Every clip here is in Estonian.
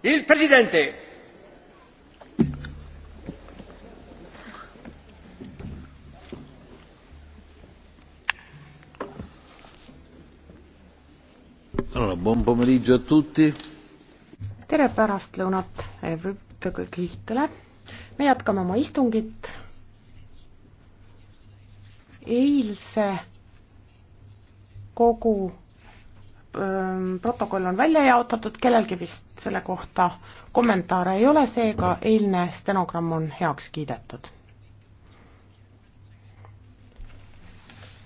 Il Presidente. Allora, buon pomeriggio a tutti. tere pärastlõunat kõigile. me jätkame oma istungit. eilse kogu protokoll on välja jaotatud, kellelgi vist selle kohta kommentaare ei ole, seega eilne stenogramm on heaks kiidetud.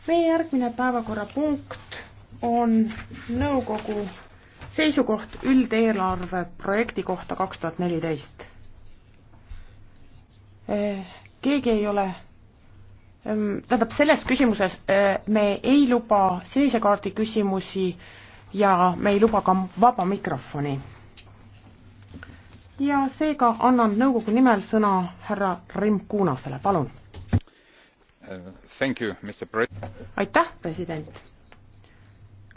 meie järgmine päevakorrapunkt on nõukogu seisukoht üldeelarve projekti kohta kaks tuhat neliteist. Eh, keegi ei ole ehm, tähendab, selles küsimuses eh, me ei luba sinise kaardi küsimusi ja me ei luba ka vaba mikrofoni ja seega annan nõukogu nimel sõna härra Rimkunasele, palun. Uh, aitäh, president.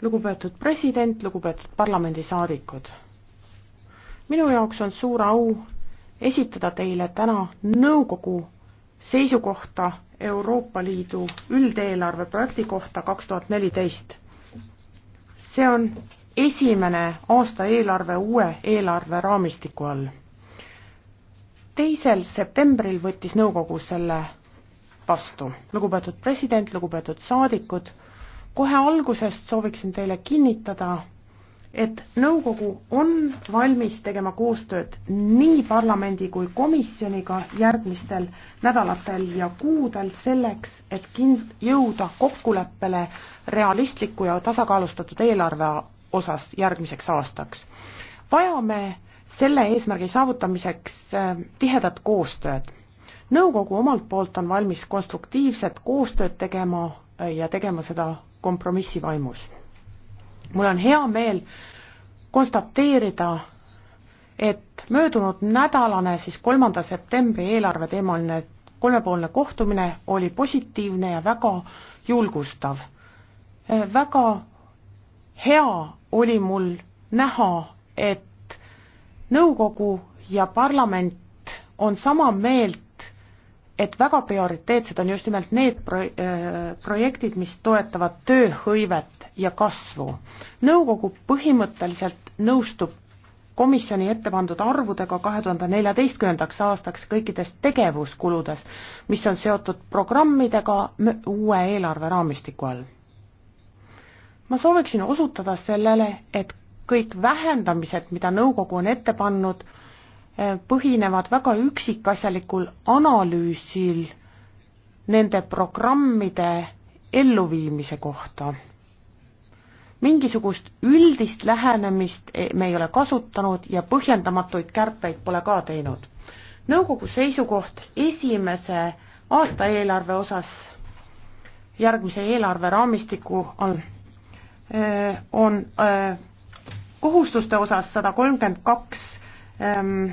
lugupeetud president, lugupeetud parlamendisaadikud. minu jaoks on suur au esitada teile täna nõukogu seisukohta Euroopa Liidu üldeelarve projekti kohta kaks tuhat neliteist. see on esimene aasta eelarve uue eelarveraamistiku all. teisel septembril võttis nõukogu selle vastu. lugupeetud president, lugupeetud saadikud, kohe algusest sooviksin teile kinnitada, et nõukogu on valmis tegema koostööd nii parlamendi kui komisjoniga järgmistel nädalatel ja kuudel selleks, et kind-, jõuda kokkuleppele realistliku ja tasakaalustatud eelarve osas järgmiseks aastaks. vajame selle eesmärgi saavutamiseks äh, tihedat koostööd. nõukogu omalt poolt on valmis konstruktiivset koostööd tegema äh, ja tegema seda kompromissi vaimus. mul on hea meel konstateerida, et möödunud nädalane, siis kolmanda septembri eelarveteemaline kolmepoolne kohtumine oli positiivne ja väga julgustav. Äh, väga hea oli mul näha, et nõukogu ja parlament on sama meelt, et väga prioriteetsed on just nimelt need pro-, äh, projektid, mis toetavad tööhõivet ja kasvu. nõukogu põhimõtteliselt nõustub komisjoni ette pandud arvudega kahe tuhande neljateistkümnendaks aastaks kõikides tegevuskuludes, mis on seotud programmidega uue eelarveraamistiku all ma sooviksin osutada sellele, et kõik vähendamised, mida nõukogu on ette pannud, eh, põhinevad väga üksikasjalikul analüüsil nende programmide elluviimise kohta. mingisugust üldist lähenemist eh, me ei ole kasutanud ja põhjendamatuid kärpeid pole ka teinud. nõukogu seisukoht esimese aastaeelarve osas järgmise eelarveraamistiku all Äh, on äh, kohustuste osas sada kolmkümmend kaks ähm,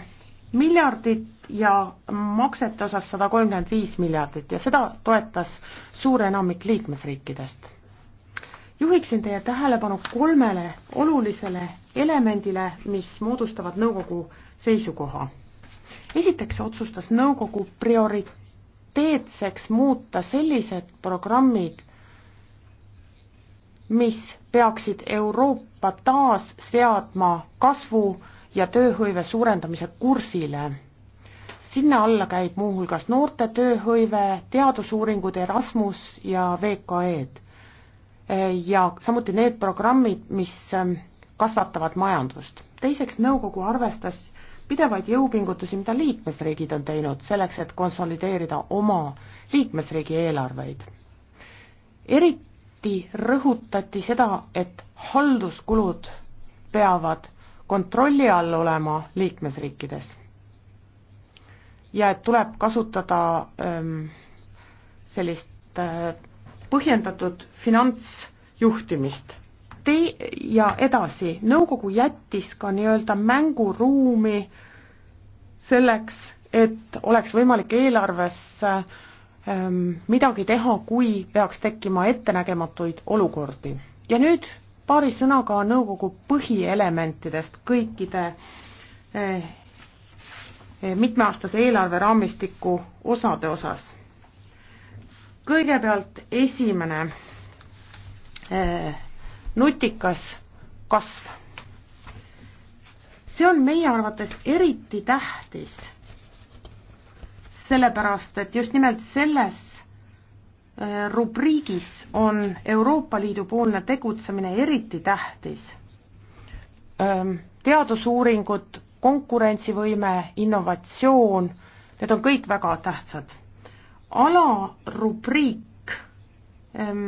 miljardit ja maksete osas sada kolmkümmend viis miljardit ja seda toetas suur enamik liikmesriikidest. juhiksin teie tähelepanu kolmele olulisele elemendile, mis moodustavad nõukogu seisukoha. esiteks otsustas nõukogu prioriteetseks muuta sellised programmid, mis peaksid Euroopa taas seadma kasvu ja tööhõive suurendamise kursile. sinna alla käib muuhulgas noorte tööhõive, teadusuuringud, Erasmus ja VKE-d. ja samuti need programmid, mis ähm, kasvatavad majandust. teiseks, nõukogu arvestas pidevaid jõupingutusi, mida liikmesriigid on teinud selleks, et konsolideerida oma liikmesriigi eelarveid. eriti alati rõhutati seda, et halduskulud peavad kontrolli all olema liikmesriikides. ja et tuleb kasutada ähm, sellist äh, põhjendatud finantsjuhtimist. Tei- ja edasi, nõukogu jättis ka nii-öelda mänguruumi selleks, et oleks võimalik eelarves äh, Ehm, midagi teha, kui peaks tekkima ettenägematuid olukordi. ja nüüd paari sõnaga nõukogu põhielementidest kõikide eh, eh, mitmeaastase eelarveraamistiku osade osas. kõigepealt esimene, eh, nutikas kasv. see on meie arvates eriti tähtis sellepärast et just nimelt selles äh, rubriigis on Euroopa Liidu poolne tegutsemine eriti tähtis. Ähm, teadusuuringud, konkurentsivõime, innovatsioon, need on kõik väga tähtsad. alarubriik, ähm,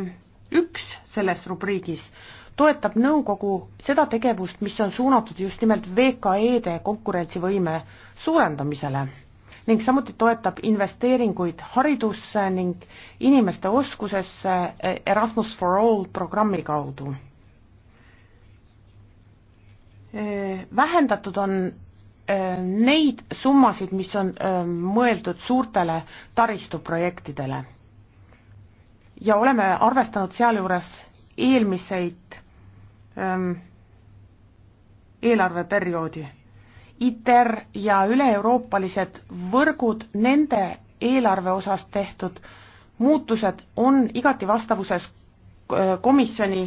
üks selles rubriigis toetab nõukogu seda tegevust, mis on suunatud just nimelt VKE-de konkurentsivõime suurendamisele ning samuti toetab investeeringuid haridusse ning inimeste oskusesse Erasmus for All programmi kaudu. vähendatud on eh, neid summasid, mis on eh, mõeldud suurtele taristuprojektidele. ja oleme arvestanud sealjuures eelmiseid eh, eelarveperioodi ITER ja üle-euroopalised võrgud, nende eelarve osas tehtud muutused on igati vastavuses äh, komisjoni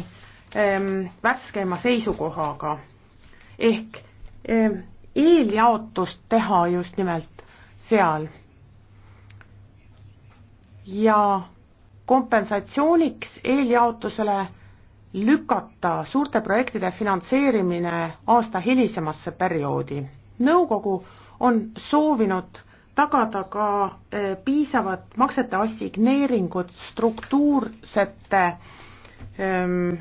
ähm, värskema seisukohaga. ehk ähm, eeljaotust teha just nimelt seal. ja kompensatsiooniks eeljaotusele lükata suurte projektide finantseerimine aasta hilisemasse perioodi nõukogu on soovinud tagada ka eh, piisavat maksete assigneeringut struktuursete ähm,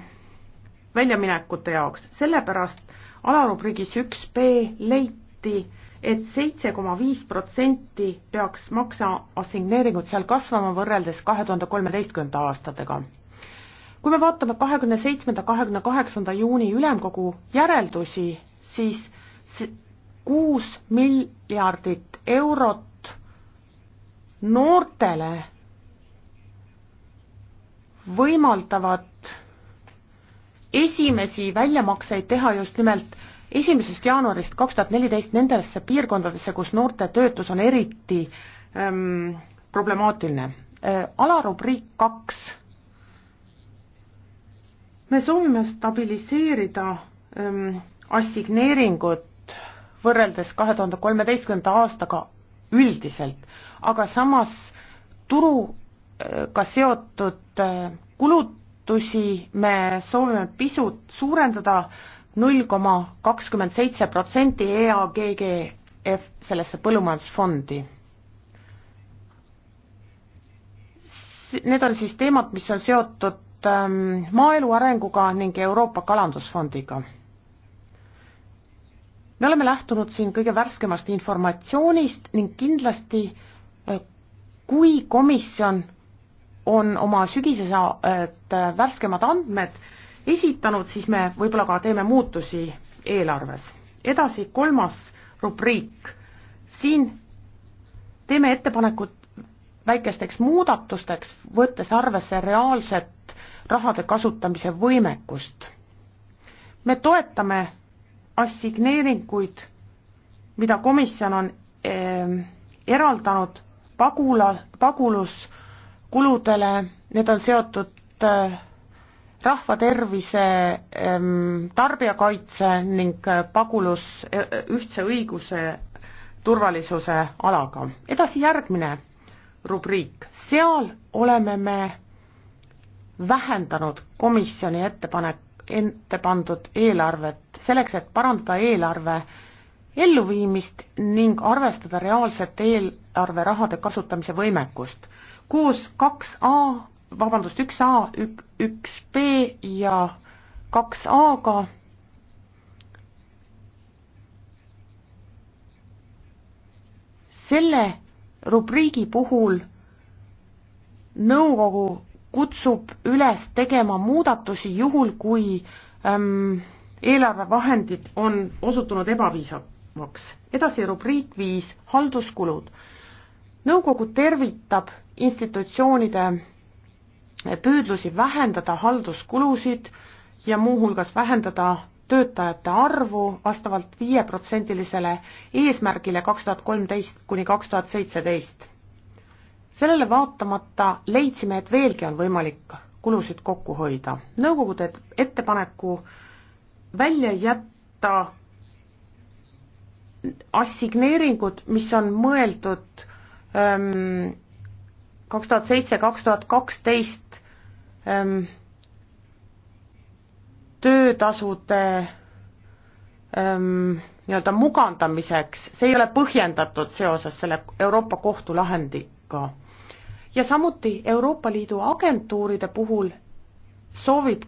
väljaminekute jaoks, sellepärast alarubriigis üks B leiti, et seitse koma viis protsenti peaks maksa assigneeringud seal kasvama võrreldes kahe tuhande kolmeteistkümnenda aastatega. kui me vaatame kahekümne seitsmenda, kahekümne kaheksanda juuni ülemkogu järeldusi, siis kuus miljardit eurot noortele võimaldavad esimesi väljamakseid teha just nimelt esimesest jaanuarist kaks tuhat neliteist nendesse piirkondadesse, kus noorte töötus on eriti ähm, problemaatiline äh,. alarubriik kaks. me soovime stabiliseerida ähm, assigneeringut võrreldes kahe tuhande kolmeteistkümnenda aastaga üldiselt, aga samas turuga seotud äh, kulutusi me soovime pisut suurendada null koma kakskümmend seitse protsenti EAGGF sellesse põllumajandusfondi. Need on siis teemad, mis on seotud ähm, maaelu arenguga ning Euroopa Kalandusfondiga me oleme lähtunud siin kõige värskemast informatsioonist ning kindlasti äh, kui komisjon on oma sügisesed äh, värskemad andmed esitanud, siis me võib-olla ka teeme muutusi eelarves. edasi, kolmas rubriik. siin teeme ettepanekud väikesteks muudatusteks, võttes arvesse reaalset rahade kasutamise võimekust. me toetame assigneeringuid, mida komisjon on eh, eraldanud pagula, paguluskuludele, need on seotud eh, rahvatervise eh,, tarbijakaitse ning eh, pagulus eh, ühtse õiguse turvalisuse alaga. edasi järgmine rubriik, seal oleme me vähendanud komisjoni ettepanek ette pandud eelarvet, selleks et parandada eelarve elluviimist ning arvestada reaalset eelarverahade kasutamise võimekust. koos kaks A, vabandust, üks A, üks B ja kaks A-ga selle rubriigi puhul nõukogu kutsub üles tegema muudatusi juhul, kui ähm, eelarvevahendid on osutunud ebaviisavaks. edasi rubriik viis, halduskulud. nõukogu tervitab institutsioonide püüdlusi vähendada halduskulusid ja muuhulgas vähendada töötajate arvu vastavalt viieprotsendilisele eesmärgile kaks tuhat kolmteist kuni kaks tuhat seitseteist sellele vaatamata leidsime, et veelgi on võimalik kulusid kokku hoida. nõukogu teeb ettepaneku välja jätta assigneeringud, mis on mõeldud ähm, kaks tuhat seitse, kaks tuhat kaksteist ähm, töötasude ähm, nii-öelda mugandamiseks, see ei ole põhjendatud seoses selle Euroopa Kohtu lahendiga ja samuti Euroopa Liidu agentuuride puhul soovib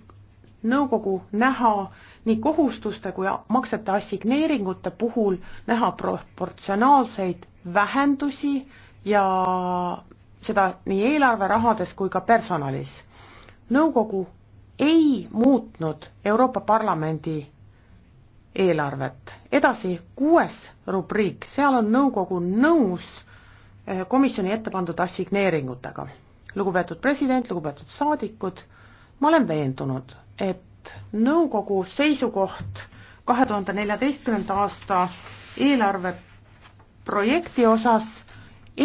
nõukogu näha nii kohustuste kui maksete assigneeringute puhul näha proportsionaalseid vähendusi ja seda nii eelarverahades kui ka personalis. nõukogu ei muutnud Euroopa Parlamendi eelarvet. edasi, kuues rubriik, seal on nõukogu nõus Eh, komisjoni ette pandud assigneeringutega. lugupeetud president, lugupeetud saadikud, ma olen veendunud, et nõukogu seisukoht kahe tuhande neljateistkümnenda aasta eelarve projekti osas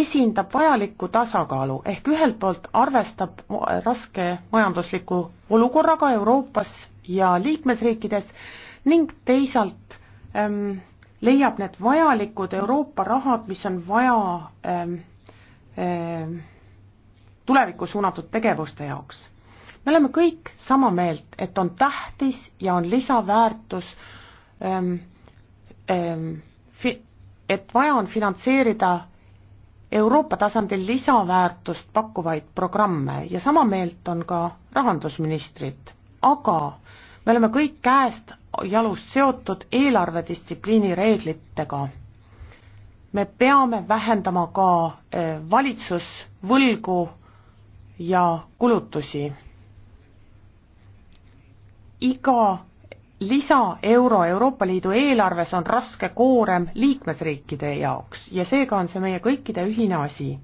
esindab vajalikku tasakaalu ehk ühelt poolt arvestab raske majandusliku olukorraga Euroopas ja liikmesriikides ning teisalt ähm, leiab need vajalikud Euroopa rahad, mis on vaja ähm, ähm, tulevikku suunatud tegevuste jaoks. me oleme kõik sama meelt, et on tähtis ja on lisaväärtus ähm,, ähm, et vaja on finantseerida Euroopa tasandil lisaväärtust pakkuvaid programme ja sama meelt on ka rahandusministrid, aga me oleme kõik käest jalust seotud eelarvedistsipliini reeglitega. me peame vähendama ka eh, valitsusvõlgu ja kulutusi. iga lisaeuro Euroopa Liidu eelarves on raske koorem liikmesriikide jaoks ja seega on see meie kõikide ühine asi.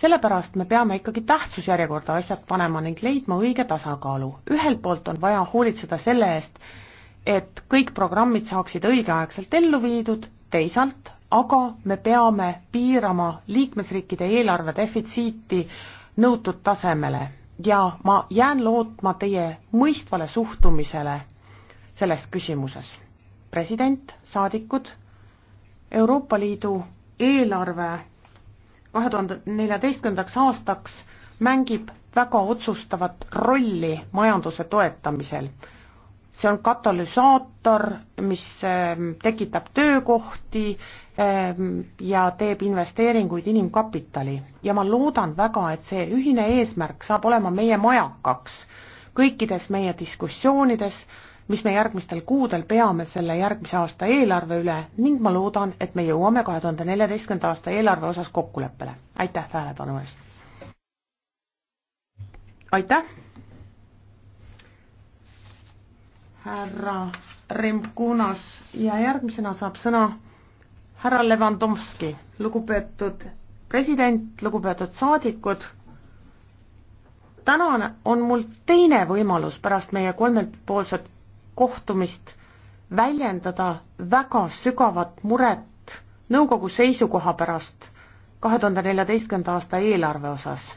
sellepärast me peame ikkagi tähtsusjärjekorda asjad panema ning leidma õige tasakaalu. ühelt poolt on vaja hoolitseda selle eest, et kõik programmid saaksid õigeaegselt ellu viidud, teisalt aga me peame piirama liikmesriikide eelarve defitsiiti nõutud tasemele ja ma jään lootma teie mõistvale suhtumisele selles küsimuses. president, saadikud, Euroopa Liidu eelarve kahe tuhande neljateistkümnendaks aastaks mängib väga otsustavat rolli majanduse toetamisel see on katalüsaator, mis ähm, tekitab töökohti ähm, ja teeb investeeringuid inimkapitali ja ma loodan väga, et see ühine eesmärk saab olema meie majakaks kõikides meie diskussioonides, mis me järgmistel kuudel peame selle järgmise aasta eelarve üle ning ma loodan, et me jõuame kahe tuhande neljateistkümnenda aasta eelarve osas kokkuleppele. aitäh tähelepanu eest! aitäh! härra Remkunas ja järgmisena saab sõna härra Levandomski, lugupeetud president, lugupeetud saadikud, täna on mul teine võimalus pärast meie kolmepoolset kohtumist väljendada väga sügavat muret nõukogu seisukoha pärast kahe tuhande neljateistkümnenda aasta eelarve osas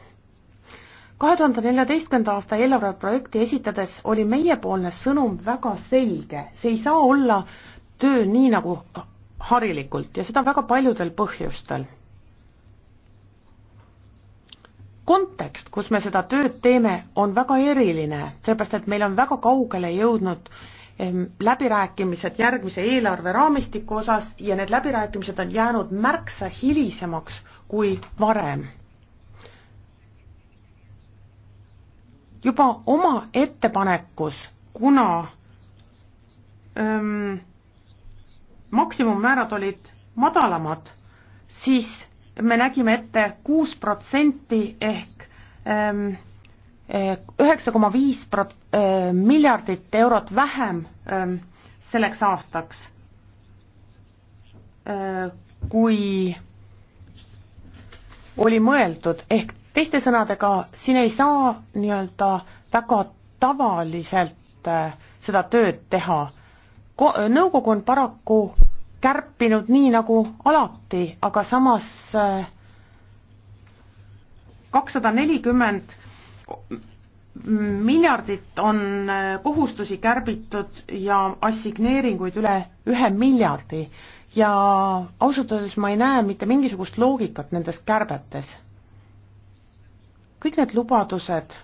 kahe tuhande neljateistkümnenda aasta eelarveprojekti esitades oli meiepoolne sõnum väga selge, see ei saa olla töö nii nagu harilikult ja seda väga paljudel põhjustel. kontekst, kus me seda tööd teeme, on väga eriline, sellepärast et meil on väga kaugele jõudnud läbirääkimised järgmise eelarveraamistiku osas ja need läbirääkimised on jäänud märksa hilisemaks kui varem juba oma ettepanekus, kuna ähm, maksimummäärad olid madalamad, siis me nägime ette kuus protsenti ehk ähm, äh, üheksa koma viis äh, miljardit eurot vähem ähm, selleks aastaks äh,, kui oli mõeldud, ehk teiste sõnadega, siin ei saa nii-öelda väga tavaliselt äh, seda tööd teha. Nõukogu on paraku kärpinud nii nagu alati, aga samas äh, kakssada nelikümmend miljardit on äh, kohustusi kärbitud ja assigneeringuid üle ühe miljardi ja ausalt öeldes ma ei näe mitte mingisugust loogikat nendes kärbetes kõik need lubadused,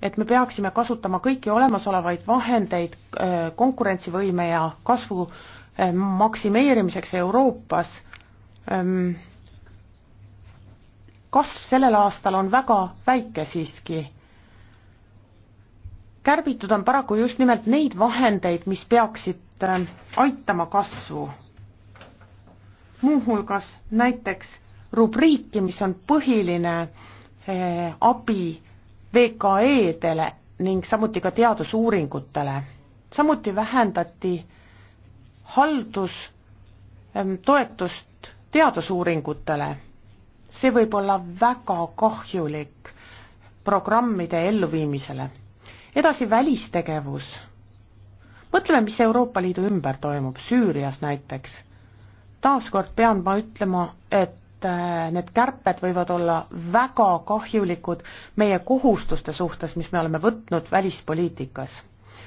et me peaksime kasutama kõiki olemasolevaid vahendeid äh, konkurentsivõime ja kasvu äh, maksimeerimiseks Euroopas, ähm, kasv sellel aastal on väga väike siiski. kärbitud on paraku just nimelt neid vahendeid, mis peaksid ähm, aitama kasvu. muuhulgas näiteks rubriiki, mis on põhiline äh, Eh, abi VKE-dele ning samuti ka teadusuuringutele. samuti vähendati haldustoetust teadusuuringutele. see võib olla väga kahjulik programmide elluviimisele. edasi välistegevus. mõtleme, mis Euroopa Liidu ümber toimub, Süürias näiteks. taaskord pean ma ütlema, et et äh, need kärped võivad olla väga kahjulikud meie kohustuste suhtes, mis me oleme võtnud välispoliitikas.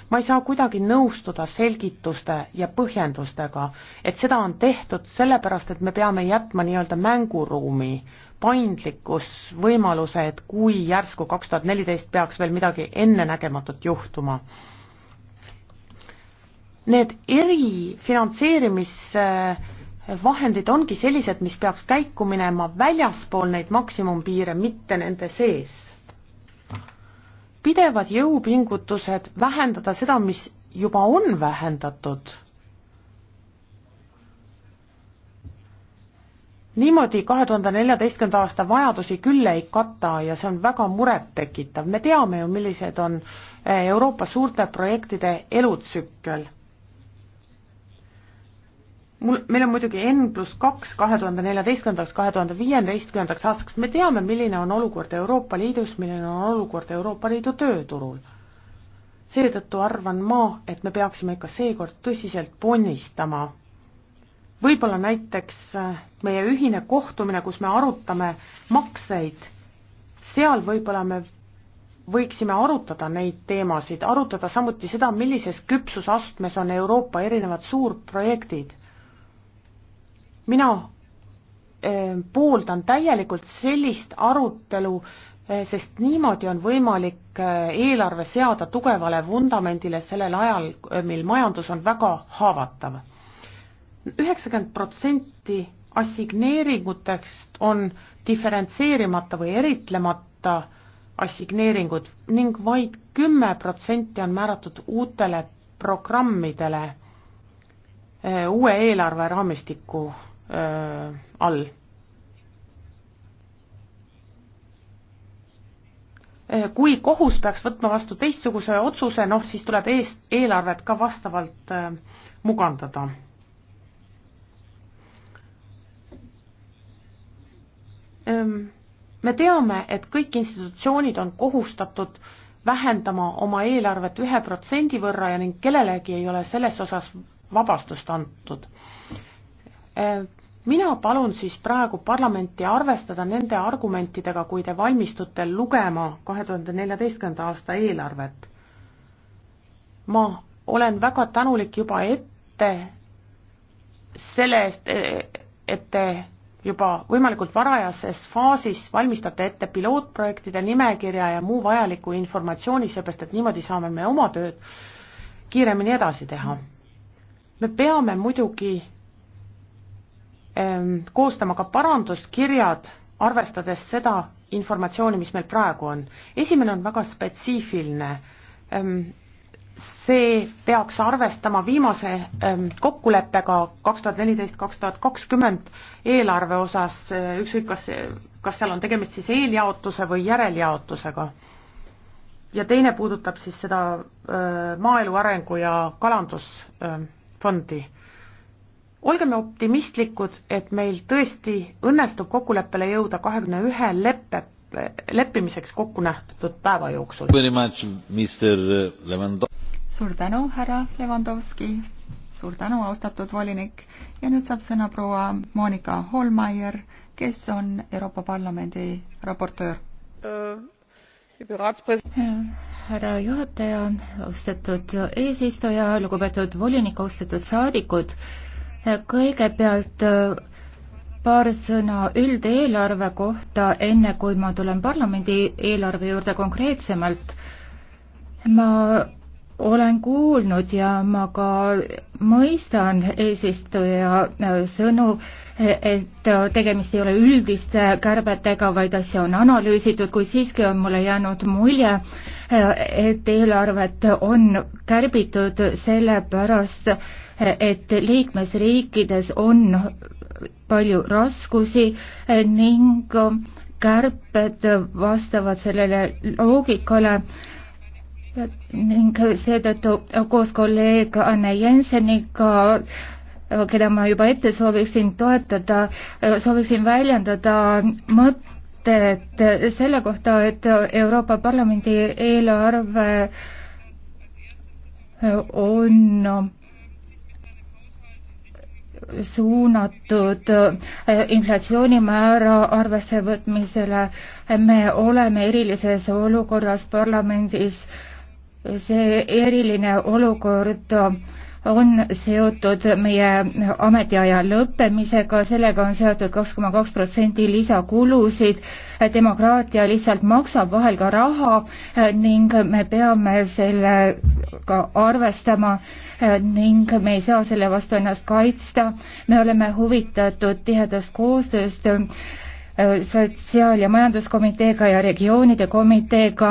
ma ei saa kuidagi nõustuda selgituste ja põhjendustega, et seda on tehtud sellepärast, et me peame jätma nii-öelda mänguruumi, paindlikkus, võimaluse, et kui järsku kaks tuhat neliteist peaks veel midagi ennenägematut juhtuma need erifinantseerimis äh, vahendid ongi sellised, mis peaks käiku minema väljaspool neid maksimumpiire, mitte nende sees. pidevad jõupingutused vähendada seda, mis juba on vähendatud. niimoodi kahe tuhande neljateistkümnenda aasta vajadusi küll ei kata ja see on väga murettekitav, me teame ju, millised on eh, Euroopa suurte projektide elutsükkel mul, meil on muidugi N pluss kaks kahe tuhande neljateistkümnendaks, kahe tuhande viieteistkümnendaks aastaks, me teame, milline on olukord Euroopa Liidus, milline on olukord Euroopa Liidu tööturul. seetõttu arvan ma, et me peaksime ikka seekord tõsiselt ponnistama. võib-olla näiteks äh, meie ühine kohtumine, kus me arutame makseid, seal võib-olla me võiksime arutada neid teemasid, arutada samuti seda, millises küpsusastmes on Euroopa erinevad suurprojektid mina eh, pooldan täielikult sellist arutelu, eh, sest niimoodi on võimalik eh, eelarve seada tugevale vundamendile sellel ajal, mil majandus on väga haavatav. üheksakümmend protsenti assigneeringutest on diferentseerimata või eritlemata assigneeringud ning vaid kümme protsenti on määratud uutele programmidele uue eelarveraamistiku öö, äh, all. Äh, kui kohus peaks võtma vastu teistsuguse otsuse, noh siis tuleb eest, eelarvet ka vastavalt öö, äh, mugandada. Ehm, me teame, et kõik institutsioonid on kohustatud vähendama oma eelarvet ühe protsendi võrra ja ning kellelegi ei ole selles osas vabastust antud ehm, mina palun siis praegu parlamenti arvestada nende argumentidega, kui te valmistute lugema kahe tuhande neljateistkümnenda aasta eelarvet. ma olen väga tänulik juba ette selle eest, et te juba võimalikult varajases faasis valmistate ette pilootprojektide nimekirja ja muu vajaliku informatsiooni, seepärast et niimoodi saame me oma tööd kiiremini edasi teha. me peame muidugi Ähm, koostama ka paranduskirjad, arvestades seda informatsiooni, mis meil praegu on. esimene on väga spetsiifiline. Ähm, see peaks arvestama viimase ähm, kokkuleppega kaks tuhat neliteist, kaks tuhat kakskümmend eelarve osas, äh, ükskõik kas, kas seal on tegemist siis eeljaotuse või järeljaotusega. ja teine puudutab siis seda äh, maaelu arengu ja kalandusfondi olgem optimistlikud, et meil tõesti õnnestub kokkuleppele jõuda kahekümne ühe leppe, leppimiseks kokku nähtud päeva jooksul. suur tänu, härra Levandovski, suur tänu, austatud volinik ja nüüd saab sõna proua Monika Holmeier, kes on Euroopa Parlamendi raportöör härra juhataja, austatud eesistuja, lugupeetud volinik, austatud saadikud kõigepealt äh, paar sõna üldeelarve kohta, enne kui ma tulen parlamendi eelarve juurde konkreetsemalt. ma olen kuulnud ja ma ka mõistan eesistuja äh, sõnu, et äh, tegemist ei ole üldiste kärbetega, vaid asja on analüüsitud, kuid siiski on mulle jäänud mulje, et eelarvet on kärbitud sellepärast, et liikmesriikides on palju raskusi ning kärped vastavad sellele loogikale ning seetõttu koos kolleeg Anne Jenseniga keda ma juba ette sooviksin toetada, sooviksin väljendada mõtet selle kohta, et Euroopa Parlamendi eelarve on suunatud äh, inflatsioonimäära arvesse võtmisele. me oleme erilises olukorras parlamendis. see eriline olukord on seotud meie ametiaja lõppemisega, sellega on seotud kaks koma kaks protsenti lisakulusid, demokraatia lihtsalt maksab vahel ka raha ning me peame sellega arvestama ning me ei saa selle vastu ennast kaitsta, me oleme huvitatud tihedast koostööst Äh, sotsiaal- ja majanduskomiteega ja regioonide komiteega,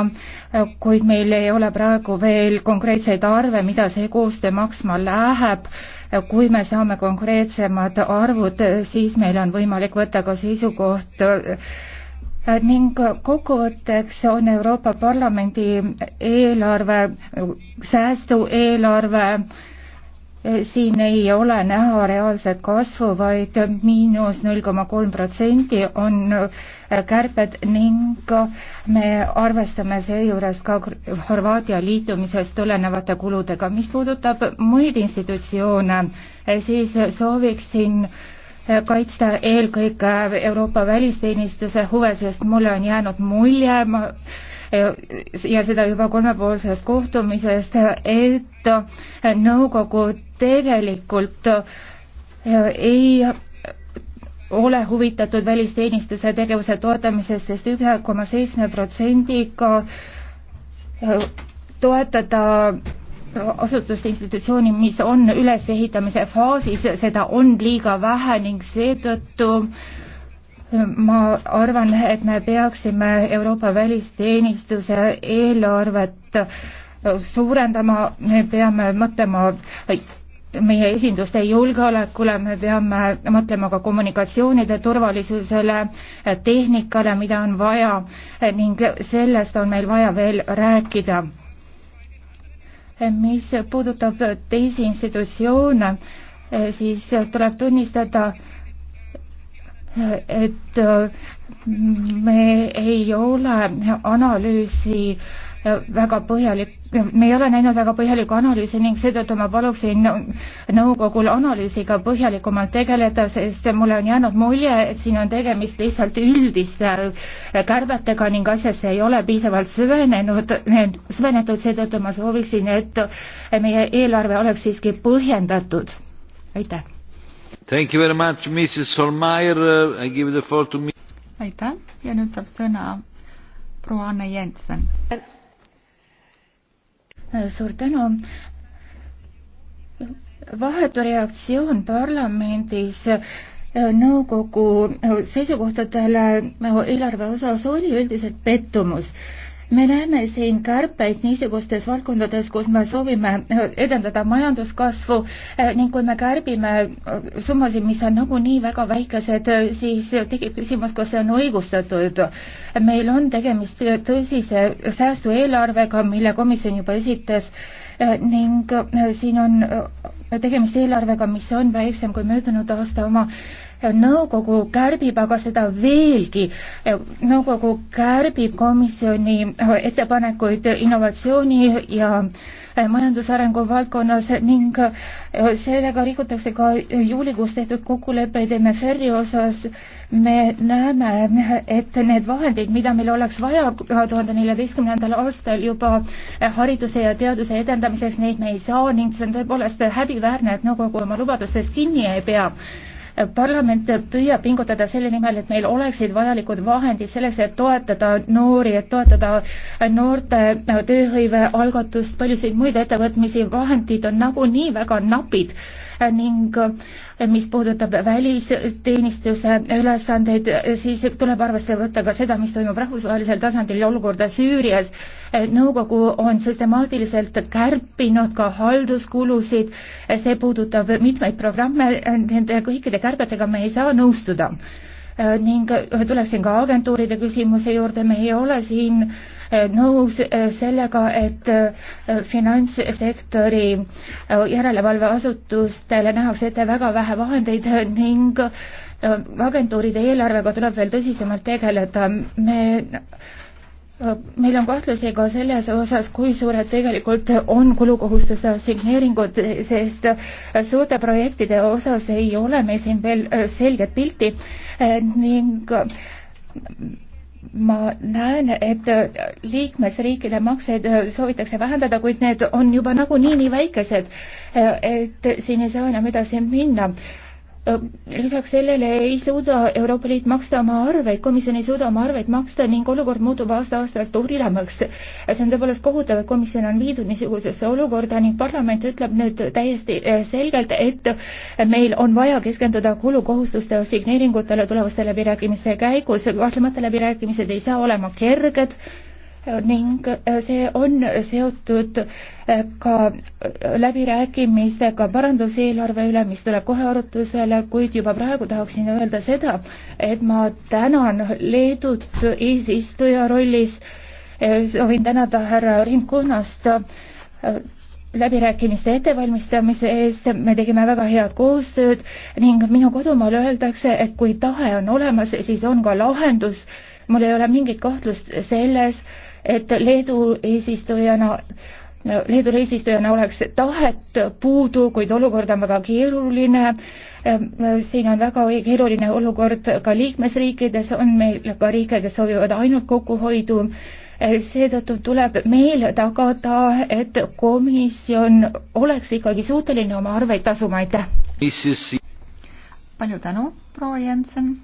äh, kuid meil ei ole praegu veel konkreetseid arve, mida see koostöö maksma läheb. Äh, kui me saame konkreetsemad arvud, siis meil on võimalik võtta ka seisukoht ning kokkuvõtteks on Euroopa Parlamendi eelarve, säästueelarve Eh, siin ei ole näha reaalset kasvu, vaid miinus null koma kolm protsenti on eh, kärped ning me arvestame seejuures ka Horvaatia liitumisest tulenevate kuludega. mis puudutab muid institutsioone, eh, siis sooviksin kaitsta eelkõige Euroopa välisteenistuse huve, sest mulle on jäänud mulje, ma ja seda juba kolmepoolsest kohtumisest, et nõukogu tegelikult ei ole huvitatud välisteenistuse tegevuse toetamisest, sest ühe koma seitsme protsendiga toetada asutust, institutsiooni, mis on ülesehitamise faasis, seda on liiga vähe ning seetõttu äh, ma arvan, et me peaksime Euroopa välisteenistuse eelarvet suurendama, me peame mõtlema meie esinduste julgeolekule, me peame mõtlema ka kommunikatsioonide turvalisusele, tehnikale, mida on vaja ning sellest on meil vaja veel rääkida. mis puudutab teisi institutsioone, siis tuleb tunnistada, et äh, me ei ole analüüsi äh, väga põhjalik, me ei ole näinud väga põhjalikku analüüsi ning seetõttu ma paluksin nõukogul analüüsiga põhjalikumalt tegeleda, sest mulle on jäänud mulje, et siin on tegemist lihtsalt üldiste äh, kärbetega ning asjasse ei ole piisavalt süvenenud, süvenetud, seetõttu ma sooviksin, et meie eelarve oleks siiski põhjendatud. aitäh! Uh, aitäh ja nüüd saab sõna proua Anne Jensen. suur tänu vahetu reaktsioon parlamendis äh, nõukogu äh, seisukohtadele äh, eelarve osas oli üldiselt pettumus me näeme siin kärpeid niisugustes valdkondades, kus me soovime edendada majanduskasvu eh, ning kui me kärbime eh, summasid, mis on nagunii väga väikesed, eh, siis tekib küsimus, kas see on õigustatud. meil on tegemist tõsise säästueelarvega, mille komisjon juba esitas ning siin on tegemist eelarvega, mis on väiksem kui möödunud aasta oma nõukogu kärbib aga seda veelgi. nõukogu kärbib komisjoni ettepanekuid innovatsiooni ja majandusarengu valdkonnas ning sellega rikutakse ka juulikuus tehtud kokkuleppeid MFR-i osas. me näeme, et need vahendid, mida meil oleks vaja kahe tuhande neljateistkümnendal aastal juba hariduse ja teaduse edendamiseks, neid me ei saa ning see on tõepoolest häbiväärne, et nõukogu oma lubadustest kinni ei pea parlament püüab pingutada selle nimel, et meil oleksid vajalikud vahendid selleks, et toetada noori, et toetada noorte tööhõivealgatust, paljusid muid ettevõtmisi, vahendid on nagunii väga napid ning eh, mis puudutab välisteenistuse ülesandeid, siis tuleb arvesse võtta ka seda, mis toimub rahvusvahelisel tasandil ja olukorda Süürias. Eh, nõukogu on süstemaatiliselt kärpinud ka halduskulusid, eh, see puudutab mitmeid programme, nende kõikide kärbetega me ei saa nõustuda ning tuleksin ka agentuuride küsimuse juurde, me ei ole siin äh, nõus äh, sellega, et äh, finantssektori äh, järelevalveasutustele nähakse ette väga vähe vahendeid ning agentuuride eelarvega tuleb veel tõsisemalt tegeleda. me meil on kahtlusi ka selles osas, kui suured tegelikult on kulukohustuse signeeringud, sest suurte projektide osas ei ole meil siin veel selget pilti ning ma näen, et liikmesriikide makseid äh, soovitakse vähendada, kuid need on juba nagunii nii väikesed, äh, et siin ei saa enam edasi minna Äh, lisaks sellele ei suuda Euroopa Liit maksta oma arveid, komisjon ei suuda oma arveid maksta ning olukord muutub aasta-aastalt hullemaks. see on tõepoolest kohutav, et komisjon on viidud niisugusesse olukorda ning parlament ütleb nüüd täiesti äh, selgelt, et meil on vaja keskenduda kulukohustuste signeeringutele tulevaste läbirääkimiste käigus, kahtlemata läbirääkimised ei saa olema kerged ning äh, see on seotud äh, ka läbirääkimisega paranduseelarve üle, mis tuleb kohe arutusele, kuid juba praegu tahaksin öelda seda, et ma tänan Leedut eesistuja rollis, äh, soovin tänada härra Ringkonnast läbirääkimiste ettevalmistamise eest, me tegime väga head koostööd ning minu kodumaal öeldakse, et kui tahe on olemas, siis on ka lahendus. mul ei ole mingit kahtlust selles, et Leedu eesistujana Leedul eesistujana oleks tahet puudu, kuid olukord on väga keeruline. siin on väga keeruline olukord ka liikmesriikides, on meil ka riike, kes soovivad ainult kokkuhoidu. seetõttu tuleb meil tagada, et komisjon oleks ikkagi suuteline oma arveid tasuma, aitäh. palju tänu, proua Jensen.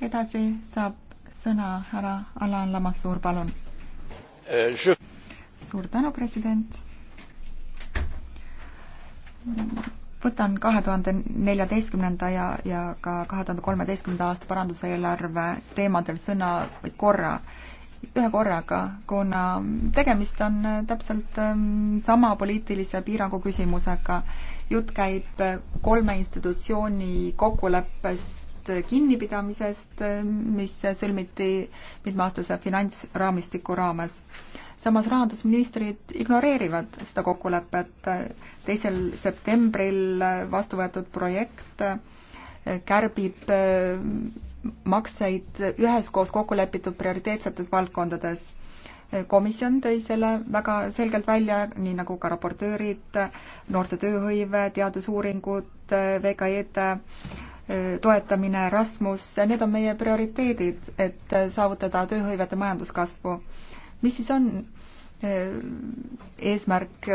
edasi saab sõna härra Alan Lamassuur, palun Euh, je... suur tänu, president. võtan kahe tuhande neljateistkümnenda ja, ja ka kahe tuhande kolmeteistkümnenda aasta paranduseelarve teemadel sõna vaid korra, ühe korraga, kuna tegemist on äh, täpselt ähm, sama poliitilise piirangu küsimusega. jutt käib kolme institutsiooni kokkuleppest nõuetest kinnipidamisest, mis sõlmiti mitmeaastase finantsraamistiku raames. samas rahandusministrid ignoreerivad seda kokkulepet. teisel septembril vastu võetud projekt kärbib makseid üheskoos kokku lepitud prioriteetsetes valdkondades komisjon tõi selle väga selgelt välja, nii nagu ka raportöörid, noorte tööhõive, teadusuuringud, VKE-de toetamine, Rasmus, need on meie prioriteedid, et saavutada tööhõivete majanduskasvu. mis siis on eh, eesmärk,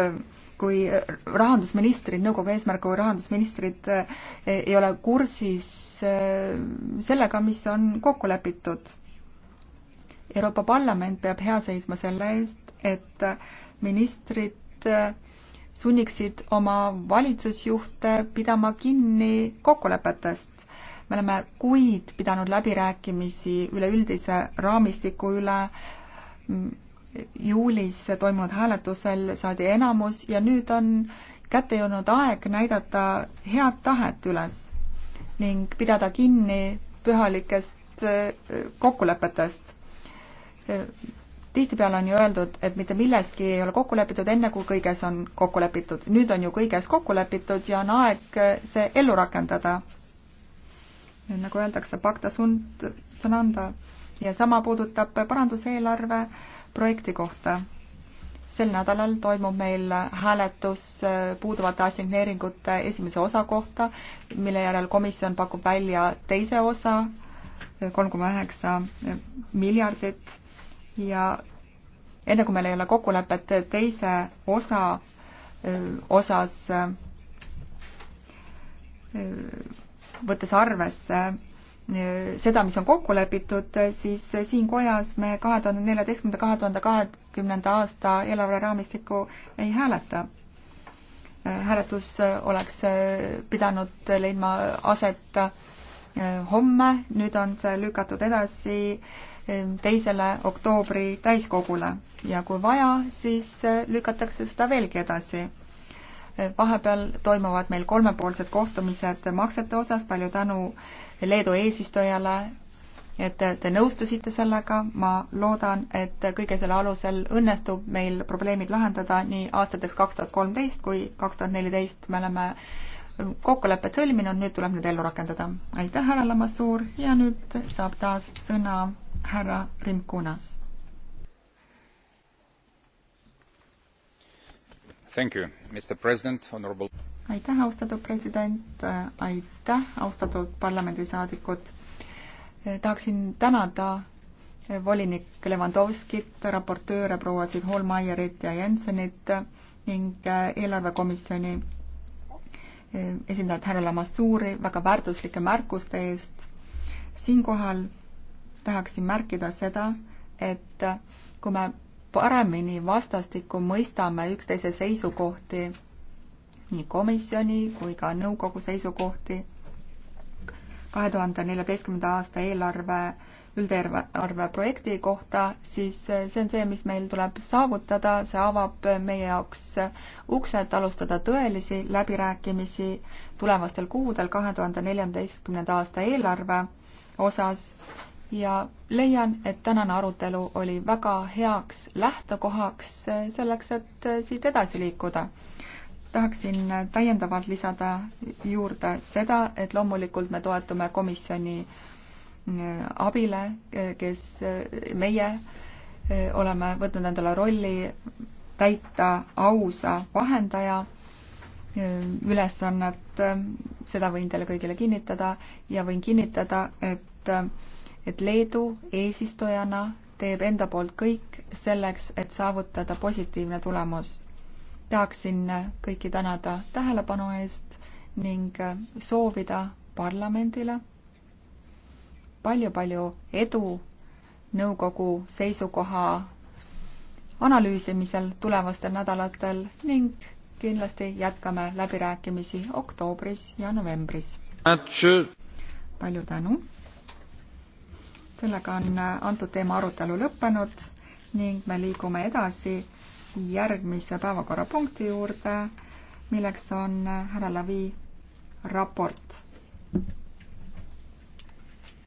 kui rahandusministrid, nõukogu eesmärk, kui rahandusministrid eh, ei ole kursis eh, sellega, mis on kokku lepitud? Euroopa Parlament peab hea seisma selle eest, et ministrid sunniksid oma valitsusjuhte pidama kinni kokkulepetest. me oleme kuid pidanud läbirääkimisi üleüldise raamistiku üle. juulis toimunud hääletusel saadi enamus ja nüüd on kätte jõudnud aeg näidata head tahet üles ning pidada kinni pühalikest kokkulepetest tihtipeale on ju öeldud, et mitte milleski ei ole kokku lepitud, enne kui kõiges on kokku lepitud. nüüd on ju kõiges kokku lepitud ja on aeg see ellu rakendada. nagu öeldakse, pacta sunt sananda ja sama puudutab paranduseelarve projekti kohta. sel nädalal toimub meil hääletus puuduvate assigneeringute esimese osa kohta, mille järel komisjon pakub välja teise osa, kolm koma üheksa miljardit ja enne kui meil ei ole kokkulepet teise osa osas, võttes arvesse seda, mis on kokku lepitud, siis siin kojas me kahe tuhande neljateistkümnenda, kahe tuhande kahekümnenda aasta eelarveraamistikku ei hääleta. hääletus oleks pidanud leidma aset homme, nüüd on see lükatud edasi äh, teisele oktoobri täiskogule ja kui vaja, siis äh, lükatakse seda veelgi edasi. Äh, vahepeal toimuvad meil kolmepoolsed kohtumised maksete osas, palju tänu Leedu eesistujale, et te nõustusite sellega, ma loodan, et kõige selle alusel õnnestub meil probleemid lahendada nii aastateks kaks tuhat kolmteist kui kaks tuhat neliteist me oleme äh, kokkulepped sõlminud, nüüd tuleb need ellu rakendada. aitäh, härra Lamassuur ja nüüd saab taas sõna härra Rimkunas. Honorable... aitäh, austatud president, aitäh, austatud parlamendisaadikud. tahaksin tänada volinik Levandovskit, raportööre prouasid Holmeierit ja Jensenit ning eelarvekomisjoni esindajat härra Lamassuuri väga väärtuslike märkuste eest. siinkohal tahaksin märkida seda, et kui me paremini vastastikku mõistame üksteise seisukohti, nii komisjoni kui ka nõukogu seisukohti, kahe tuhande neljateistkümnenda aasta eelarve üldarve projekti kohta, siis see on see, mis meil tuleb saavutada, see avab meie jaoks uksed alustada tõelisi läbirääkimisi tulevastel kuudel kahe tuhande neljateistkümnenda aasta eelarve osas ja leian, et tänane arutelu oli väga heaks lähtekohaks selleks, et siit edasi liikuda. tahaksin täiendavalt lisada juurde seda, et loomulikult me toetume komisjoni abile, kes meie oleme võtnud endale rolli täita ausa vahendaja ülesannet, seda võin teile kõigile kinnitada ja võin kinnitada, et et Leedu eesistujana teeb enda poolt kõik selleks, et saavutada positiivne tulemus. tahaksin kõiki tänada tähelepanu eest ning soovida parlamendile palju-palju edu nõukogu seisukoha analüüsimisel tulevastel nädalatel ning kindlasti jätkame läbirääkimisi oktoobris ja novembris. palju tänu! sellega on äh, antud teema arutelu lõppenud ning me liigume edasi järgmise päevakorrapunkti juurde, milleks on äh, härra Lavi raport.